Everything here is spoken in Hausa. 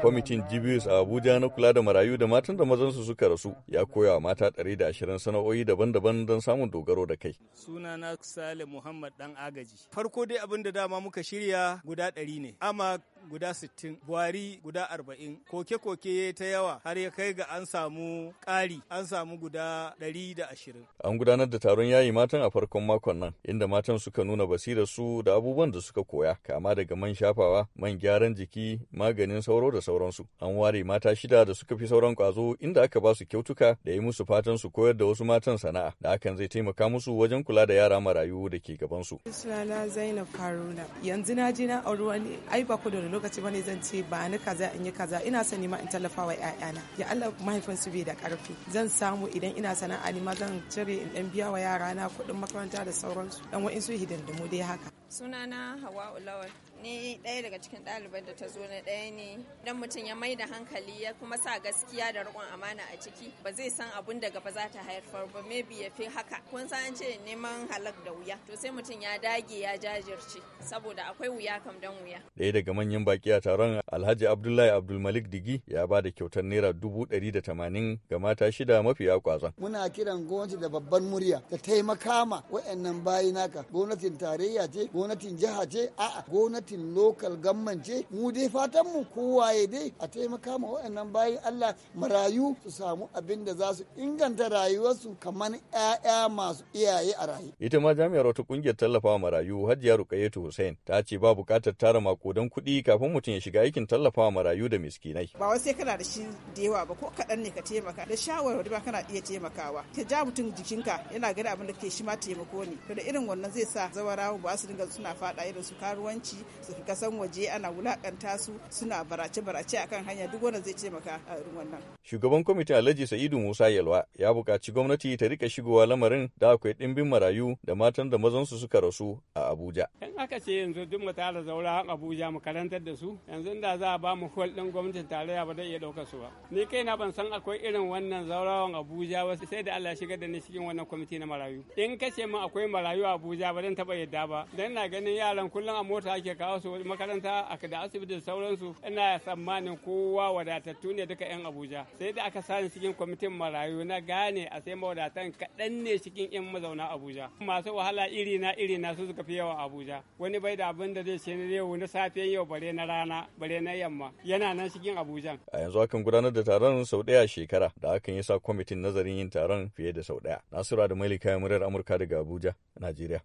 Kwamitin GBS a Abuja na kula da marayu da matan da mazansu suka rasu ya koya wa mata ɗari da ashirin sana'o'i daban-daban don samun dogaro da kai. Suna na Sale Muhammad Dan Agaji. Farko dai abin da dama muka shirya guda ɗari ne. Ama guda sittin, buhari guda arba'in, koke-koke ta yawa har ya kai ga an samu ƙari an samu guda ɗari da ashirin. An gudanar da taron yayi matan a farkon makon nan inda matan suka nuna basirar su da abubuwan da suka koya kama daga man shafawa man gyaran gyaran jiki maganin sauro da sauransu an ware mata shida da suka fi sauran kwazo inda aka ba su kyautuka da yi musu fatan su koyar da wasu matan sana'a da hakan zai taimaka musu wajen kula da yara marayu da ke gabansu. sunana zainab faruna yanzu na je na auri wani ai ba ku da lokaci bane zan ce ba ni kaza in yi kaza ina son ma in tallafa wa 'ya'yana ya Allah mahaifin su bai da karfi zan samu idan ina sana'a ni ma zan cire in dan biya wa yara na kuɗin makaranta da sauransu dan wa'in su hidindimu dai haka sunana hawa ulawal ni ɗaya daga cikin ɗaliban da ta zo na ɗaya ne idan mutum ya mai da hankali ya kuma sa gaskiya da riƙon amana a ciki ba zai san abun da gaba za ta haifar ba maybe ya fi haka kun san ce neman halak da wuya to sai mutum ya dage ya jajirce saboda akwai wuya kam don wuya ɗaya daga manyan baki a taron alhaji abdullahi abdulmalik digi ya ba da kyautar naira dubu ɗari da tamanin ga mata shida mafiya kwazon muna kiran gwamnati da babban murya ta taimaka ma wa'annan bayi naka gwamnatin tarayya ce gwamnatin jiha ce a'a gwamnati gwamnatin lokal gamman ce mu dai fatan mu kowaye dai a taimaka ma waɗannan bayan Allah marayu su samu abin da za su inganta rayuwarsu kamar 'ya'ya masu iyaye a rayu. Ita ma jami'ar wata ƙungiyar tallafawa marayu Hajiya Rukayetu Hussein ta ce ba buƙatar tara makodan kuɗi kafin mutum ya shiga aikin tallafawa marayu da miskinai. Ba wai sai kana da shi da yawa ba ko kaɗan ne ka taimaka da shawarwari ba kana iya taimakawa. Ka ja mutum jikinka yana gani abin da ke shi ma taimako ne. To da irin wannan zai sa zawarawa ba su dinga suna faɗa irin su karuwanci su fi kasan waje ana wulakanta su suna barace-barace akan hanya duk wanda zai ce maka a wannan. Shugaban kwamitin Alhaji Sa'idu Musa Yalwa ya buƙaci gwamnati ta rika shigowa lamarin da akwai ɗimbin marayu da matan da mazansu suka rasu a Abuja. In aka ce yanzu duk mu tara zaura a Abuja mu karantar da su yanzu da za a ba mu hol ɗin gwamnatin tarayya ba zai iya ɗauka su ba. Ni na ban san akwai irin wannan zaurawan Abuja ba sai da Allah shigar da ni cikin wannan kwamiti na marayu. In ka ce ma akwai marayu a Abuja ba zan taɓa yadda ba. Dan na ganin yaran kullum a mota ake ka kawo su makaranta a da asibiti sauransu ina tsammanin kowa wadatattu ne duka 'yan abuja sai da aka sani cikin kwamitin marayu na gane a sai mawadatan kaɗan ne cikin 'yan mazauna abuja masu wahala iri na iri na su suka fi yawa abuja wani bai da abin da zai ce yau na safiyan yau bare na rana bare na yamma yana nan cikin abuja a yanzu akan gudanar da taron sau ɗaya shekara da akan ya sa kwamitin nazarin yin taron fiye da sau ɗaya nasura da mailika muryar amurka daga abuja najeriya